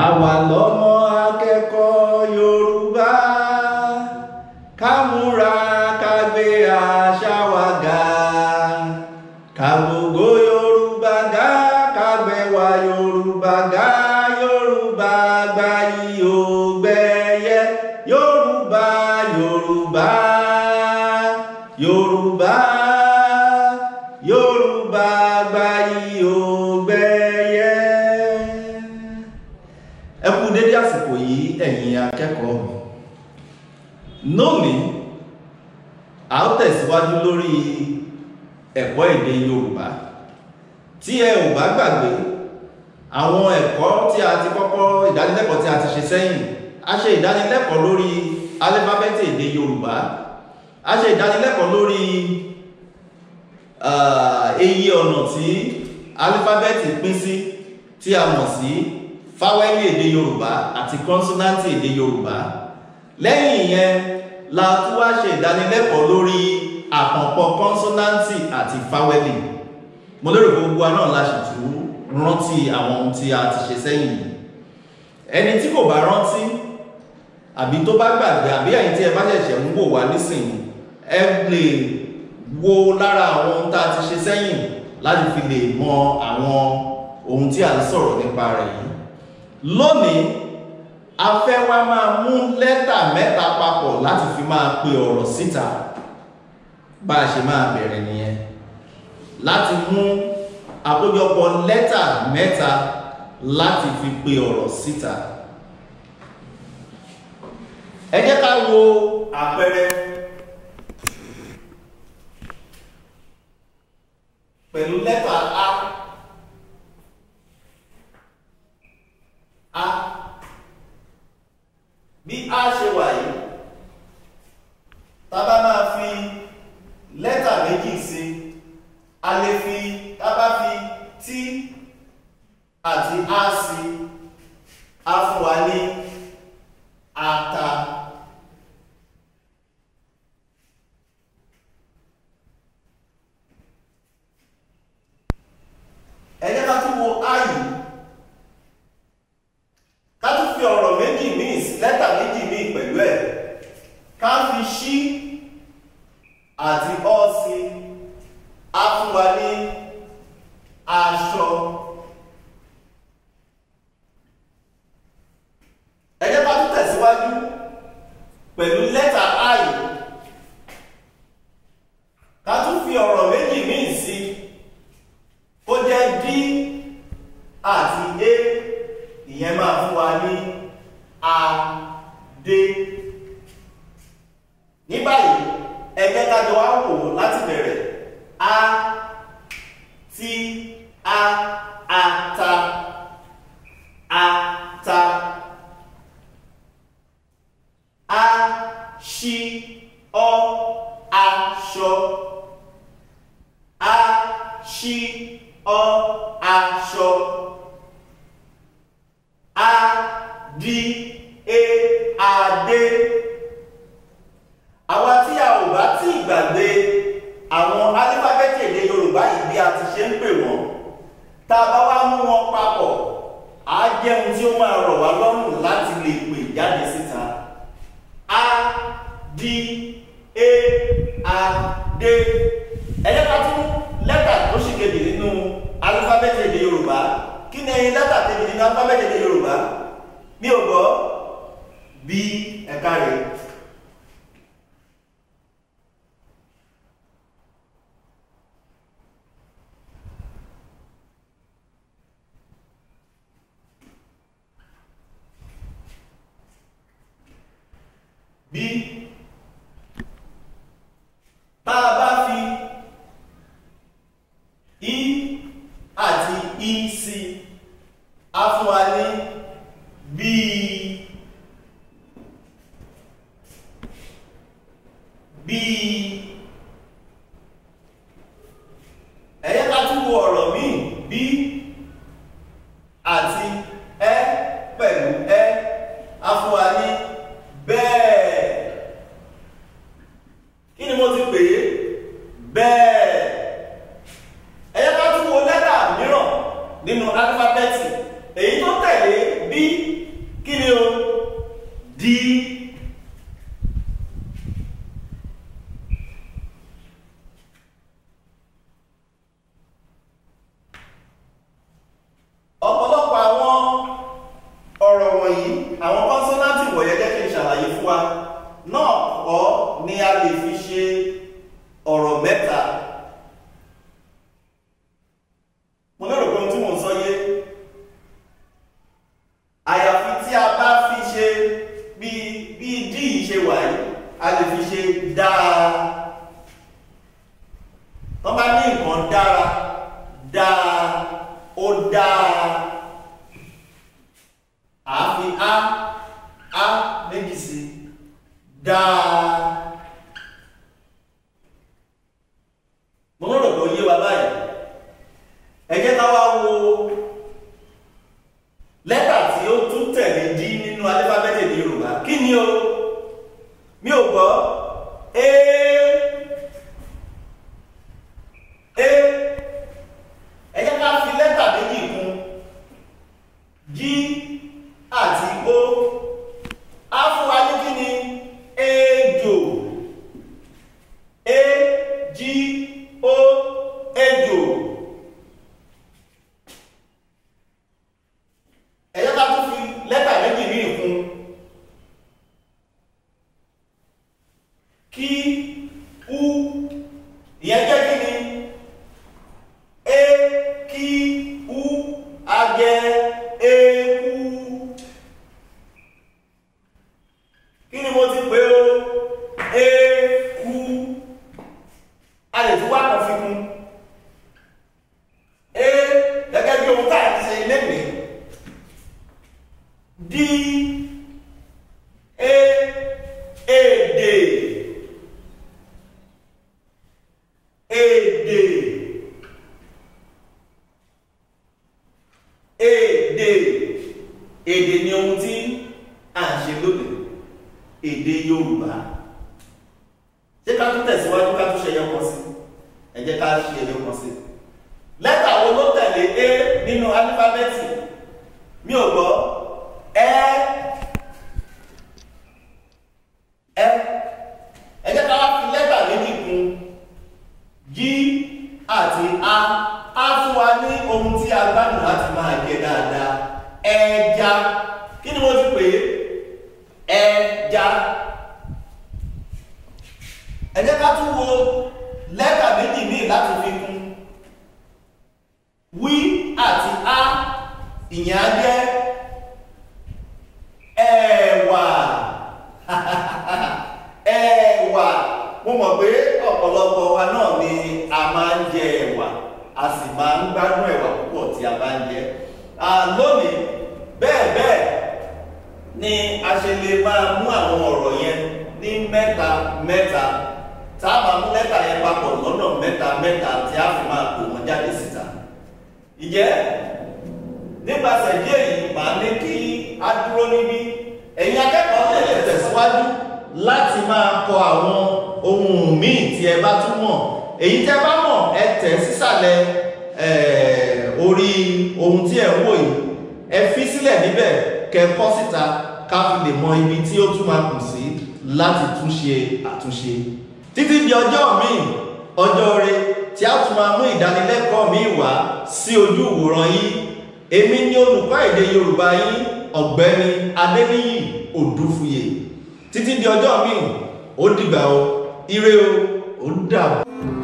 àwa lọ́mọ akẹ́kọ̀ọ́ Yorùbá ká múra ká gbé àṣà wa ga ká gbogbo Yorùbá ga ká gbẹ̀wà Yorùbá ga Yorùbá gbayì ògbẹ́yẹ Yorùbá Yorùbá. lónìí a ó tẹ̀síwájú lórí ẹ̀kọ́ èdè Yorùbá tí ẹ ò bá gbàgbé àwọn ẹ̀kọ́ tí a ti kọ́kọ́ ìdánilẹ́kọ̀ọ́ tí a ti ṣe sẹ́yìn a ṣe ìdánilẹ́kọ̀ọ́ lórí alífábẹ́tì èdè Yorùbá a ṣe ìdánilẹ́kọ̀ọ́ lórí eye eh, ọ̀nà tí alífábẹ́tì pín sí tí a mọ̀ sí fáwẹ́lì èdè Yorùbá àti kọ́nsọ́náǹtì èdè Yorùbá lẹ́yìn ìyẹn la tún wá ṣe ìdánilẹ́kọ̀ọ́ lórí àpọ̀pọ̀ kọ́nsọ́náǹtì àti fáwẹ́lì mo lérò gbogbo wa náà la sì tún rántí àwọn ohun tí a ti ṣe sẹ́yìn ẹni tí kò bá rántí àbí tó bá gbàgbé àbí ẹ̀yin tí ẹ bá ṣẹ̀ṣẹ̀ ń wò wá nísìnyí ẹ lè wo lára àwọn ohun tá a ti ṣe sẹ́yìn láti fi lè mọ àwọn ohun tí a sọ̀rọ̀ nípa rẹ̀ yìí lónìí a fẹ́ wá máa mú lẹ́tà mẹ́ta papọ̀ láti fi máa pe ọ̀rọ̀ síta bá a ṣe máa bẹ̀rẹ̀ nìyẹn láti mú àkójọpọ̀ lẹ́tà mẹ́ta láti fi pe ọ̀rọ̀ síta ẹ jẹ́ ká wo àpẹẹrẹ wo áyù ká tún fi ọ̀rọ̀ méjì míì lẹ́tà méjì míì pẹ̀lú ẹ̀ ká fi ṣí àti ọ́ọ̀sì á fún ní aṣọ. ẹ jẹ́ tún tẹ̀síwájú pẹ̀lú lẹ́tà. adé ní báyìí ẹgbẹ́ kájọ wá wò láti bẹ̀rẹ̀ a ti a ata ata a ṣi ọ. a ti ṣe ń pè wọ́n tá a bá wá mú wọn papọ̀ á jẹ́ tí ó máa rọ̀ wá lọ́rùn láti lè pè jáde síta a di e a d ẹ̀yẹ́ ká tún lẹ́tà tó ṣì kejì nínú alifábẹ́tì èdè Yorùbá kí ni lẹ́tà kejì nínú alifábẹ́tì èdè Yorùbá mi ò gbọ́ bí ẹ̀ka rẹ̀. bí tá a bá fi i àti i sí a fún wa ní bíi bíi. mínimo de B a a méjì sí dáa. 一。di e èdè èdè èdè èdè ni ohun tí à ń ṣe lónìí èdè Yorùbá ṣé ká tún tẹ̀síwájú ká tún ṣe ẹyọ kan sí ẹ jẹ́ ká ṣe ẹyọ kan sí lẹ́tà wo ló tẹ̀lé e nínú alífábẹ́ẹ̀tì mi ò gbọ́. ohun tí a gbádùn láti máa jẹ dáadáa ẹja kí ni mo ti pè é ẹja ẹ jẹ́ ká tún wo lẹ́tà méjì míì láti fi kún wí àti á ìyẹn á jẹ́ ẹ̀wà ẹ̀wà mo mọ̀ pé ọ̀pọ̀lọpọ̀ wa náà a sì máa ń gbádùn ẹ̀wà púpọ̀ tí a bá ń jẹ lónìí bẹ́ẹ̀ bẹ́ẹ̀ ni a ṣe lè máa mú àwọn ọ̀rọ̀ yẹn ní mẹ́ta mẹ́ta tá a máa mú lẹ́tà yẹn papọ̀ lọ́nà mẹ́ta mẹ́ta tí a fi máa pò wọ́n jáde síta ìjẹ́ nípasẹ̀ díẹ̀ yìí màá ní kí a dúró níbí ẹ̀yin akẹ́kọ̀ọ́ lè lè tẹ̀síwájú láti máa kọ àwọn ohun míì tí ẹ bá tún èyí tẹ́ bá mọ̀ ẹ tẹ̀ sísàlẹ̀ orí ohun tí ẹ ń wò yìí ẹ fi sílẹ̀ níbẹ̀ kẹ́ kọ síta ká fi lè mọ ibi tí ó tún máa kù sí láti tún ṣe àtúnṣe títí di ọjọ́ míì ọjọ́ rẹ tí a tún máa mú ìdánilẹ́kọ̀ọ́ míì wá sí ojú ìwòran yìí èmi ni olùkọ́ èdè Yorùbá yín ọ̀gbẹ́ni Adéníyì Òdúfuyè títí di ọjọ́ míì ó dìgbà o ire o ó dàbọ̀.